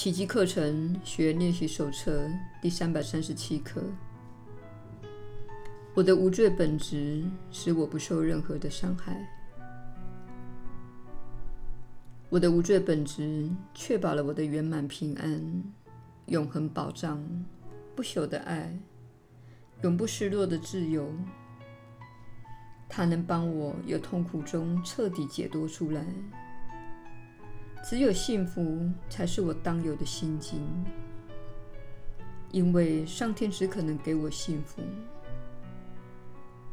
奇蹟課程學練習手冊第三百三十七課：我的無罪本質使我不受任何的傷害。我的無罪本質確保了我的圓滿、平安、永恆保障、不朽的愛、永不失落的自由。它能幫我由痛苦中徹底解脫出來。只有幸福才是我當有的心境，因為上天只可能給我幸福。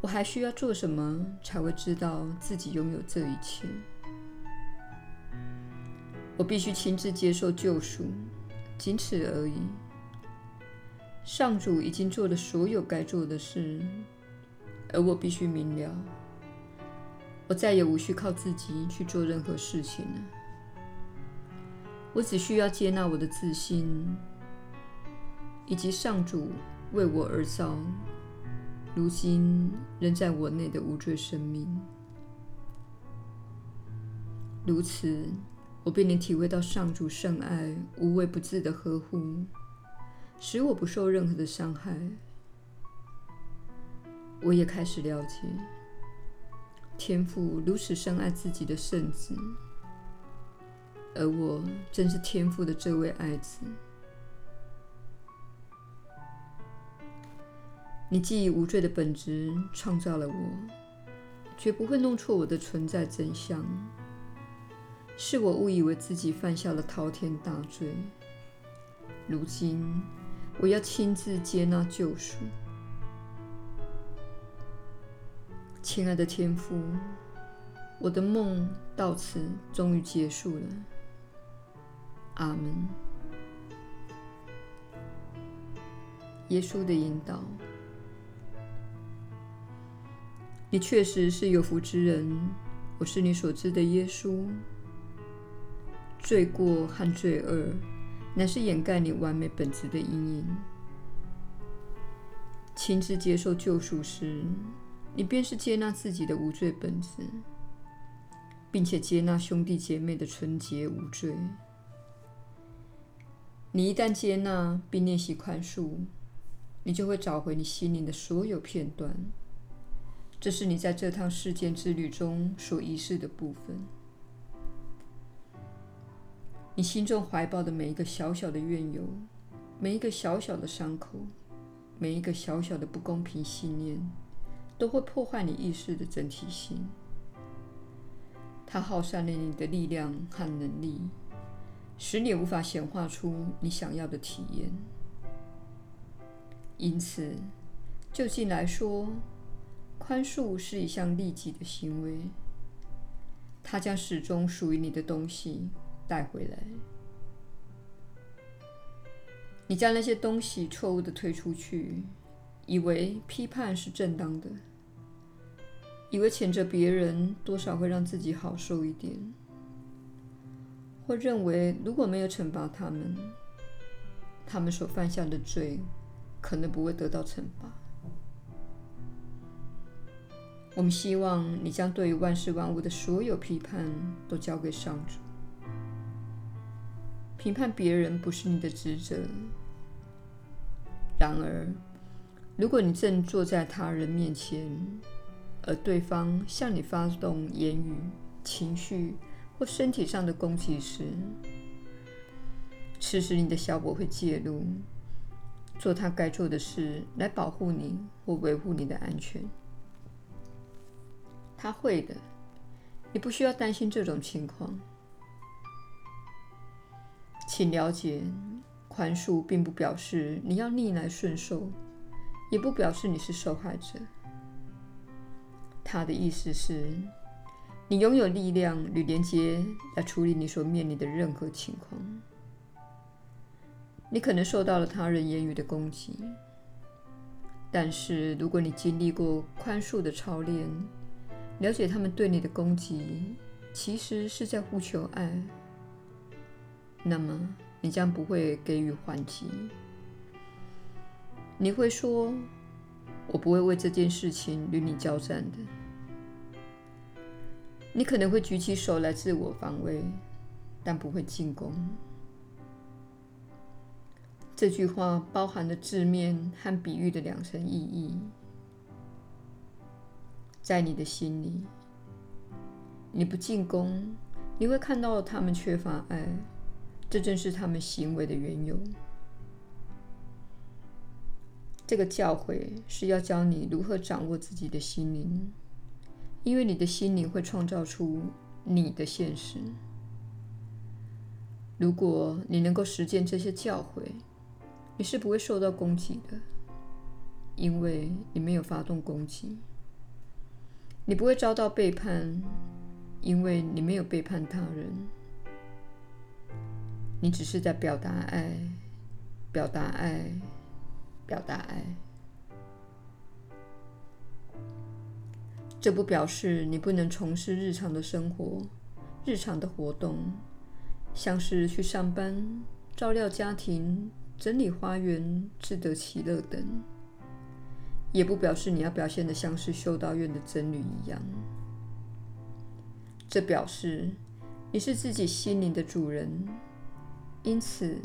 我還需要做什麼才會知道自己擁有這一切？我必須親自接受救贖，僅此而已。上主已經做了所有該做的事，而我必須明了，我再也無需靠自己去做任何事情了。我只需要接納我的自心，以及上主為我而造，如今仍在我內的無罪生命。如此，我便能體會到上主聖愛無微不至的呵護，使我不受任何的傷害。我也開始了解，天父如此深愛自己的聖子。而我正是天父的這位愛子。你既以無罪的本質創造了我，絕不會弄錯我的存在真相。是我誤以為自己犯下了滔天大罪。如今，我要親自接納救贖。親愛的天父，我的夢到此終於結束了。阿門。耶穌的引導，你確實是有福之人。我是你所知的耶穌。罪過和罪惡，乃是掩蓋你完美本質的陰影。親自接受救贖時，你便是接納自己的無罪本質，並且接納兄弟姐妹的純潔無罪。你一旦接納並練習寬恕，你就會找回你心靈的所有片段，這是你在這趟世間之旅中所遺失的部分。你心中懷抱的每一個小小的怨尤，每一個小小的傷口，每一個小小的不公平信念，都會破壞你意識的整體性。它耗散了你的力量和能力。使你也無法顯化出你想要的體驗，因此，究竟來說，寬恕是一項利己的行為。它將始終屬於你的東西帶回來，你將那些東西錯誤的推出去，以為批判是正當的，以為譴責別人多少會讓自己好受一點。或認為如果沒有懲罰他們，他們所犯下的罪可能不會得到懲罰。我們希望你將對於萬事萬物的所有批判都交給上主。評判別人不是你的職責。然而，如果你正坐在他人面前，而對方向你發動言語、情緒、或身體上的攻擊時，此時你的小我會介入，做他該做的事來保護你或維護你的安全。他會的，你不需要擔心這種情況。請了解，寬恕並不表示你要逆來順受，也不表示你是受害者。他的意思是，你擁有力量與連接來處理你所面臨的任何情況。你可能受到了他人言語的攻擊，但是如果你經歷過寬恕的操練，了解他們對你的攻擊其實是在呼求愛，那麼你將不會給予還擊。你會說：“我不會為這件事情與你交戰的。”你可能會舉起手來自我防衛，但不會進攻。這句話包含了字面和比喻的兩層意義。在你的心裡，你不進攻，你會看到他們缺乏愛，這正是他們行為的緣由。這個教誨是要教你如何掌握自己的心靈。因為你的心靈會創造出你的現實。如果你能夠實踐這些教誨，你是不會受到攻擊的，因為你沒有發動攻擊。你不會遭到背叛，因為你沒有背叛他人。你只是在表達愛，表達愛，表達愛。這不表示你不能從事日常的生活、日常的活動，像是去上班、照料家庭、整理花園、自得其樂等；也不表示你要表現的像是修道院的僧侶一樣。這表示你是自己心靈的主人，因此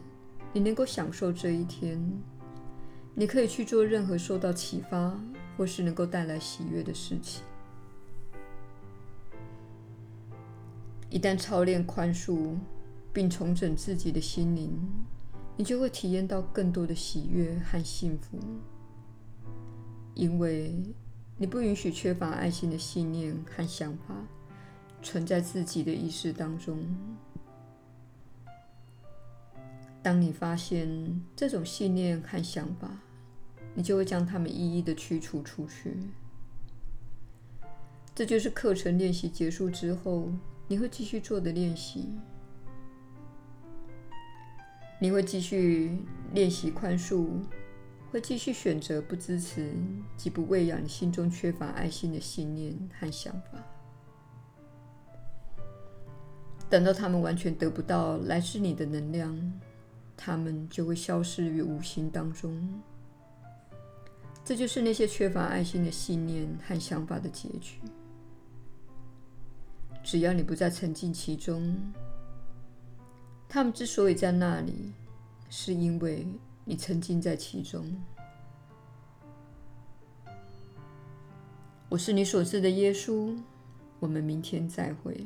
你能夠享受這一天。你可以去做任何受到啟發或是能夠帶來喜悅的事情。一旦操練寬恕，並重整自己的心靈，你就會體驗到更多的喜悅和幸福，因為你不允許缺乏愛心的信念和想法存在自己的意識當中。當你發現這種信念和想法，你就會將它們一一的驅除出去。這就是課程練習結束之後，你會繼續做的練習，你會繼續練習寬恕，會繼續選擇不支持及不餵養你心中缺乏愛心的信念和想法。等到他們完全得不到來自你的能量，他們就會消失於無形當中。這就是那些缺乏愛心的信念和想法的結局。只要你不再沉浸其中，他們之所以在那裡，是因為你沉浸在其中。我是你所知的耶穌，我們明天再會。